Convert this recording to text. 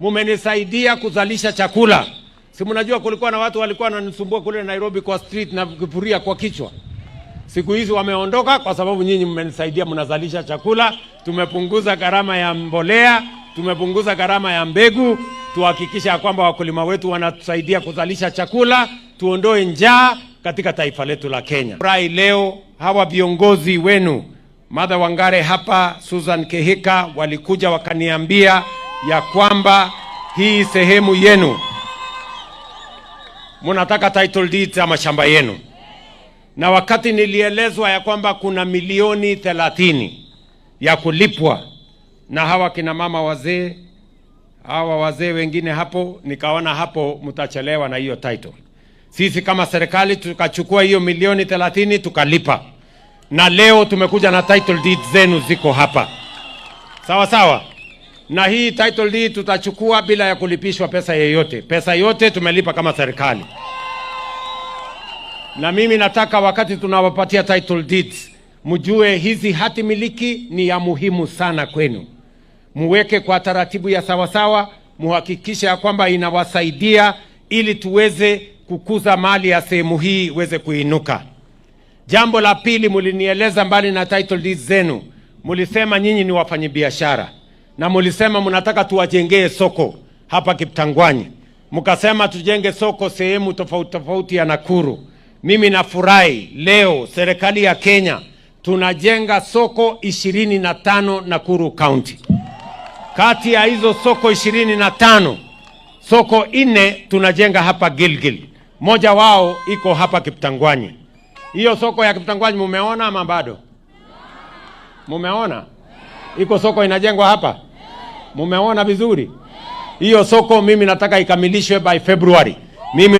mumenisaidia kuzalisha chakula. Si mnajua kulikuwa na watu walikuwa wananisumbua kule Nairobi kwa street na kufuria kwa kichwa. Siku hizi wameondoka kwa sababu nyinyi mmenisaidia, mnazalisha chakula. Tumepunguza gharama ya mbolea, tumepunguza gharama ya mbegu. Tuhakikisha ya kwamba wakulima wetu wanatusaidia kuzalisha chakula, tuondoe njaa katika taifa letu la Kenya. Furahi leo hawa viongozi wenu Martha Wangare hapa, Susan Kehika walikuja wakaniambia ya kwamba hii sehemu yenu munataka title deed ya mashamba yenu, na wakati nilielezwa ya kwamba kuna milioni thelathini ya kulipwa na hawa kina mama wazee hawa wazee wengine hapo, nikaona hapo mtachelewa na hiyo title. Sisi kama serikali tukachukua hiyo milioni thelathini tukalipa, na leo tumekuja na title deed zenu ziko hapa, sawa sawa na hii title deed tutachukua bila ya kulipishwa pesa yeyote. Pesa yote tumelipa kama serikali, na mimi nataka wakati tunawapatia title deeds mjue hizi hati miliki ni ya muhimu sana kwenu, muweke kwa taratibu ya sawasawa, muhakikishe ya kwamba inawasaidia ili tuweze kukuza mali ya sehemu hii iweze kuinuka. Jambo la pili, mulinieleza mbali na title deeds zenu, mulisema nyinyi ni wafanyabiashara na mulisema mnataka tuwajengee soko hapa Kiptangwanyi, mkasema tujenge soko sehemu tofauti tofauti ya Nakuru. Mimi nafurahi leo serikali ya Kenya tunajenga soko ishirini na tano Nakuru County. Kati ya hizo soko ishirini na tano soko nne tunajenga hapa Gilgil, moja wao iko hapa Kiptangwanyi. Hiyo soko ya Kiptangwanyi mumeona ama bado? Mumeona iko soko inajengwa hapa Mumeona vizuri hiyo soko, mimi nataka ikamilishwe by February mimi